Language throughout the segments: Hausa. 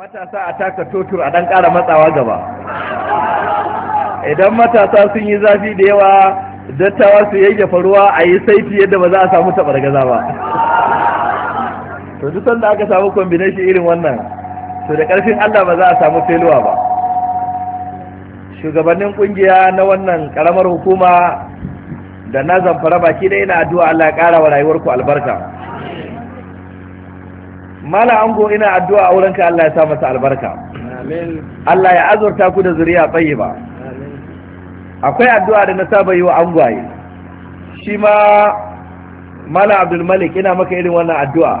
matasa a taka totur a dan kara matsawa gaba idan matasa sun yi zafi da yawa dattawa su yayyafa ruwa a yi saiti yadda ba za a samu daga ba to duk sanda aka samu combination irin wannan to da ƙarfin allah ba za a samu feluwa ba shugabannin ƙungiya na wannan ƙaramar hukuma da na zamfara baki da ina addu'a allah ya ƙara wa rayuwarku albarka mala ango ina addu'a a wurinka Allah ya sa masa albarka Allah ya azurta ku da zuriya tayyiba akwai addu'a da na saba yi wa angwaye shi ma mala abdul malik ina maka irin wannan addu'a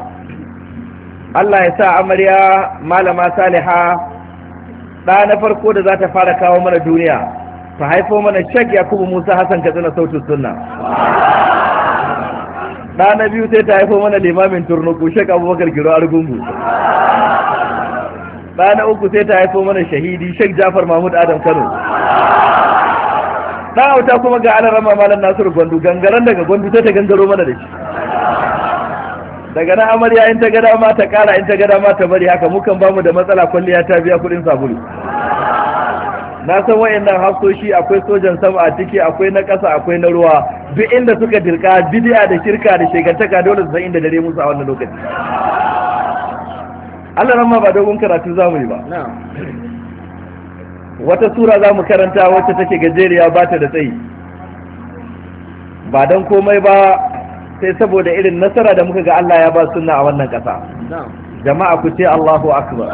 Allah ya sa amarya malama saliha ɗa na farko da za ta fara kawo mana duniya ta haifo mana shek yakubu musa hassan katsina sautin sunna ɗa na biyu sai ta haifo mana limamin turnuku shek abubakar giro argungu ɗa na uku sai ta haifo mana shahidi shek jafar mahmud adam kano ɗa auta kuma ga ana rama malam nasiru gwandu gangaren daga gwandu sai ta gangaro mana da shi daga na amarya in ta gada ma ta kara in ta gada ma ta bari haka mukan bamu da matsala kwalliya ta biya kuɗin sabulu na san wayannan hafsoshi akwai sojan sama a ciki akwai na ƙasa akwai na ruwa duk inda suka dirka bidiya da shirka da shekartaka, dole su san inda dare musu a wannan lokaci Allah ramma ba dogon karatu zamu yi ba wata sura zamu karanta wacce take gajeriya ba ta da tsayi ba don komai ba sai saboda irin nasara da muka ga Allah ya ba sunna a wannan ƙasa jama'a ku ce Allahu akbar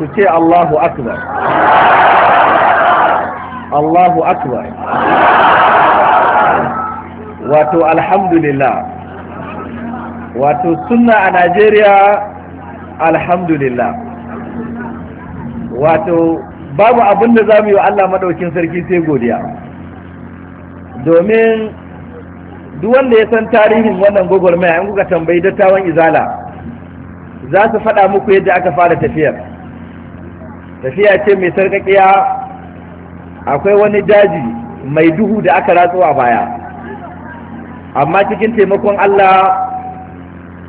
ku ce Allahu Akbar Allahu Akbar wato alhamdulillah wato sunna a Najeriya alhamdulillah wato babu abin da za mu yi wa Allah maɗaukin sarki sai godiya domin duk wanda ya san tarihin wannan gwagwarmaya in kuka tambayi dattawan izala za su faɗa muku yadda aka fara tafiyar tafiya ce mai sarkakiya akwai wani daji mai duhu da aka ratsu a baya amma cikin taimakon Allah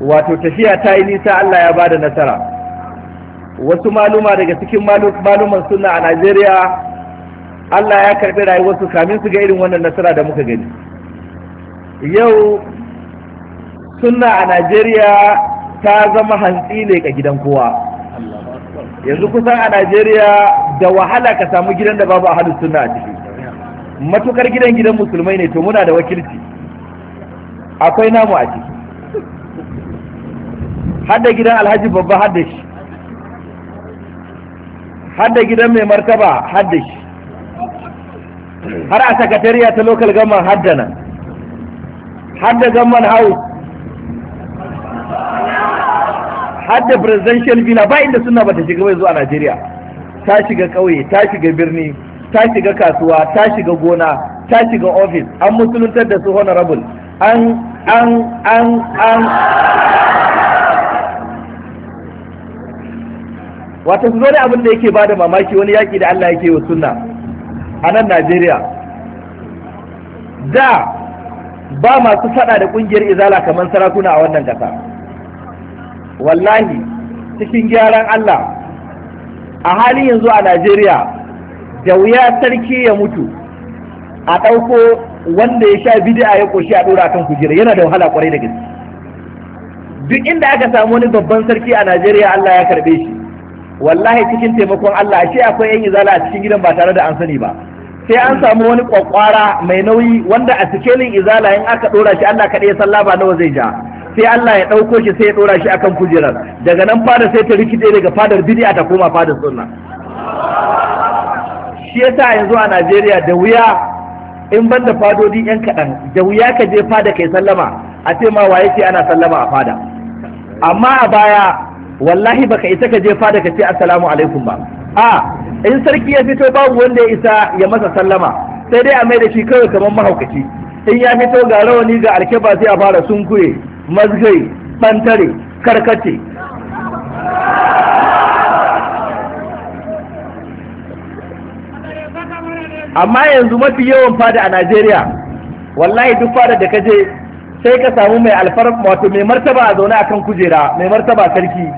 wato tafiya ta yi nisa Allah ya ba da nasara wasu maluma daga cikin maluman suna a Najeriya Allah ya karɓi rayuwarsu kamin su ga irin wannan nasara da muka gani yau suna a Najeriya ta zama hantsi ne ga gidan kowa yanzu kusan a Najeriya da wahala ka samu gidan da babu ahlus suna a ciki matukar gidan gidan musulmai ne to muna da wakilci akwai namu a ciki hadda gidan alhaji babba hadda shi hadda gidan mai martaba hadda shi har a sakatariya ta local gama hadda nan hadda gama house har da presidential villa ba inda suna bata shiga bai zuwa Najeriya ta shiga ƙauye ta shiga birni ta shiga kasuwa ta shiga gona ta shiga office an musuluntar da su honorable an an an an wata su zo abin da yake ba da mamaki wani yaƙi da Allah yake wa sunna a nan Najeriya da ba masu fada da kungiyar izala kamar sarakuna a wannan kasa wallahi cikin gyaran Allah a halin yanzu a Najeriya da wuya sarki ya mutu a ɗauko wanda ya sha bid'a ya ƙunshi a ɗora kan kujera yana da wahala kwarai da gaske duk inda aka samu wani babban sarki a Najeriya Allah ya karɓe shi wallahi cikin taimakon Allah ashe akwai yan izala a cikin gidan ba tare da an sani ba sai an samu wani kwakwara mai nauyi wanda a cikin izala in aka ɗora shi Allah kaɗai ya sallaba nawa zai ja sai Allah ya ɗauko shi sai ya ɗora shi akan kujerar daga nan fadar sai ta rikide daga fadar bid'a ta koma fadar sunna shi yasa yanzu a Najeriya da wuya in ban fadodi yan kaɗan da wuya ka je fada kai sallama a ce ma waye ce ana sallama a fada amma a baya wallahi baka isa ka je fada ka ce assalamu alaikum ba a in sarki ya fito babu wanda ya isa ya masa sallama sai dai a mai da shi kawai kamar mahaukaci in ya fito ga rawani ga alkeba sai a fara sunkuye mazgai ɓantare karkace amma yanzu mafi yawan fada a najeriya wallahi duk fada da kaje sai ka samu mai alfar wato mai martaba a zaune akan kujera mai martaba sarki